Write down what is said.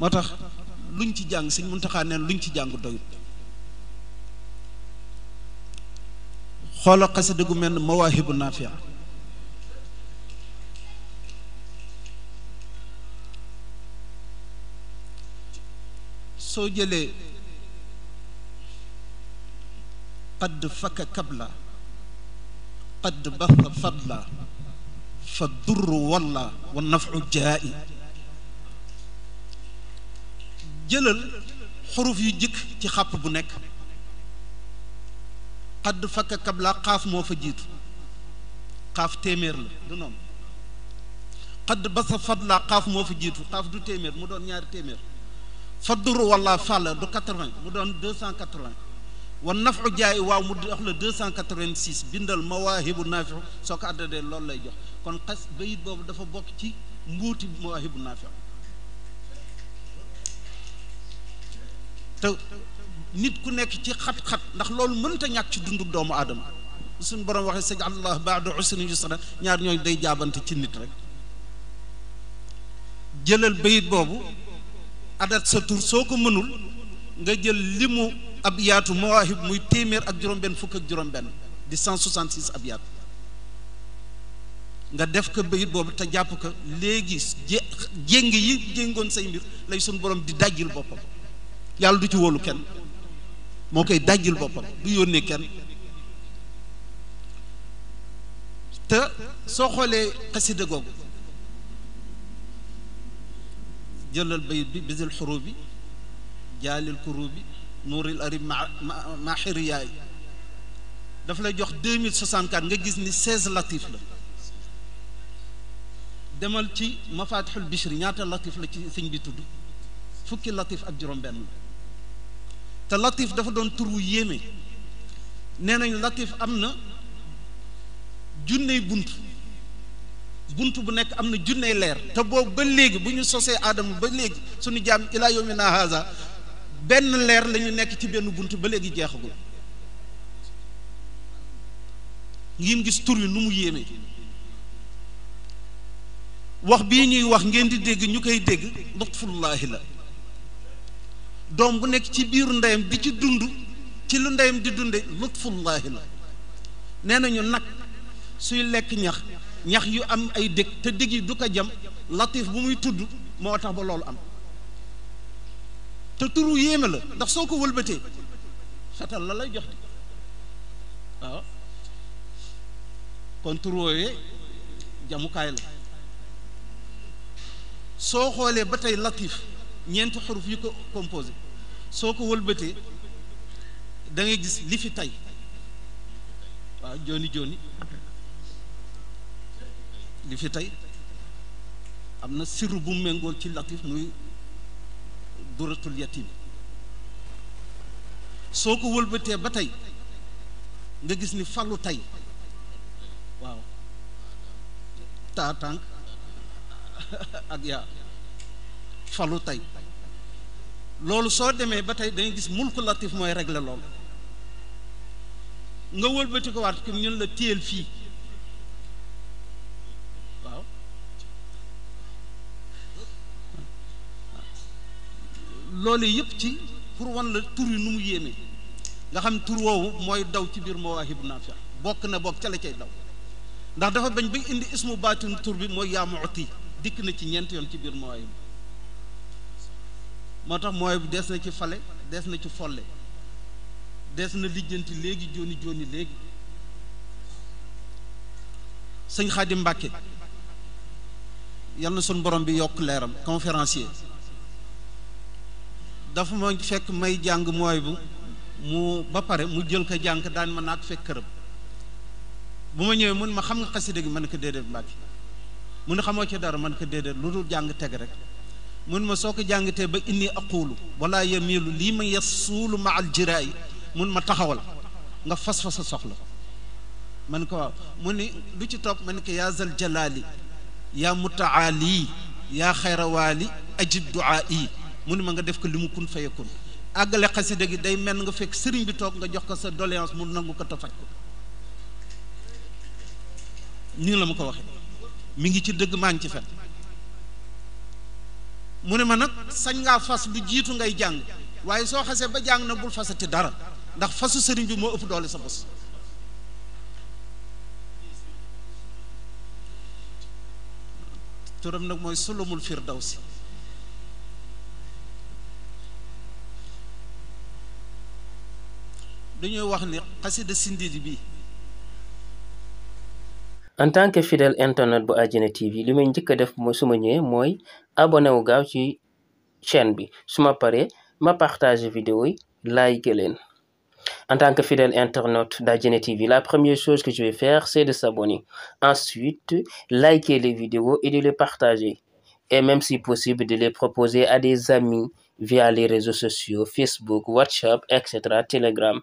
motax luñ ci jang señ muntaxa neen luñ ci jang doyut khalaqa sadagu men mawahibun nafi'a so jele qad faka kabla qad bath fadla fadurru walla wan naf'u ja'i jëlal xuruf yu jëkk ci xàpp bu nekk xadd fakk kabla xaaf moo fa jiitu xaaf téeméer la du noonu xadd basa fadla xaaf moo fa jiitu xaaf du téeméer mu doon ñaari téeméer fadduru wala fàll du quatre-vingt mu doon deux cent quatre-vingt wa nafu jaay waaw mu jox la deux cent quatre-vingt-six bindal mawaahibu naafiu soo ko addadee loolu lay jox kon xas bayit boobu dafa bokk ci mbuuti mawaahibu naafiu te nit ku nekk ci xat-xat ndax loolu mënta ñàkk ci dundu doomu aadama suñ borom waxee sëñ allah baadu usrin yusra ñaar ñooy day jaabante ci nit rek jëlal bayit boobu adat sa tur soo ko mënul nga jël li mu ab yaatu mawaahib muy téeméer ak juróom-benn fukk ak juróom-benn di 166 ab yaatu nga def ko bayit boobu te jàpp ko léegi jé jéng yi jéngoon say mbir lay suñu borom di dajjil boppam yàlla du ci wolu ken mo koy dajjil bopam du yónnee ken te so xolé qasida gog jeulal bay bi bizil hurubi jalil kurubi nuril arib ma ma xiriyaay daf lay jox 2064 nga gis ni 16 latif la demal ci mafatihul bishri ñaata latif la ci sëñ bi tuddu fukki latif ak juróom benn la te latif dafa doon tur wu yéeme nee nañ latif am na junney bunt bunt bu nekk am na junney leer te boobu ba léegi bu ñu sosee aadama ba léegi suñu jaam ilaa yawmina haza benn leer lañu nekk ci benn bunt ba léegi jeexagul ngeen gis tur wi nu mu yéeme wax bi ñuy wax ngeen di dégg ñu koy dégg lutfullahi la doom bu nekk ci biiru ndeyam di ci dund ci lu ndeyam di dunde lutfullahi la nee nañu nag suy lekk ñax ñax yu am ay dëkk te dég yi du ko jam latif bu muy tudd moo tax ba loolu am te turu yéeme la ndax soo ko wëlbatee satal la lay jox di waaw kon turu woowee jamukaay la soo xoolee ba tey latif ñeenti xuruf yi ko composé soo ko wëlbatee dangay gis li fi tey waaw jooni jooni li fi tey am na sirru bu méngool ci latif muy duratul yatim soo ko wëlbatee ba tey nga gis ni falu tey waaw taa tànk ak yaa falu tey loolu soo demee ba tey dañuy gis mulku latif mooy régler loolu nga wëlbati ko waat ki ñun la téyel fii waaw loolu yëpp ci pour wan la tur yi nu mu yéeme nga xam tur woowu mooy daw ci biir mawaahibu naafi bokk na bokk ca la cay daw ndax dafa bañ ba indi ismu baatin tur bi mooy yaa muti dikk na ci ñeent yoon ci biir mawaahibu moo tax mooy des na ci fale des na ci folle des na lijjanti léegi joni joni léegi sëñ Xaadim Mbàkke yan na sunu borom bi yokk leeram conférencier dafa ma fekk may jàng mooy bu mu ba pare mu jël ko jàng daan ma naat fekk këram bu ma ñëwee mun ma xam nga xasida gi man ko déedéet Mbàkke mu ne xamoo ci dara man ko déedéet lu dul jàng teg rek mun ma soo ko jàngatee ba inni aqulu wala yamilu lii ma yasuulu ma al jiraayi mun ma taxawal nga fas fa sa soxla man ko waaw mu ni lu ci topp man ko yaa zal jalaali yaa mutaali yaa xayrawaali ajib duaa yi mu ma nga def ko li mu kun fayakun àggale xasida gi day mel nga fekk sëriñ bi toog nga jox ko sa doléance mu nangu ko te faj ko nii la ma ko waxee mi ngi ci dëgg maa ngi ci fen mu ne ma nag sañ ngaa fas lu jiitu ngay jàng waaye soo xasee ba jàng na bul fasati dara ndax fasu sëriñ bi moo ëpp doole sa bos turam nag mooy sulumul firdawsi dañuy wax ni xasida sindidi bi en tant que fidèle internet bu Adiana TV li may njëkk a def mooy su ma ñëwee mooy Abonnez-vous à la chaîne bi ma partage ma vidéo likez like en tant que fidèle internaute d'Agenet TV la première chose que je vais faire c'est de s'abonner ensuite liker les vidéos et de les partager et même si possible de les proposer à des amis via les réseaux sociaux Facebook WhatsApp etc Telegram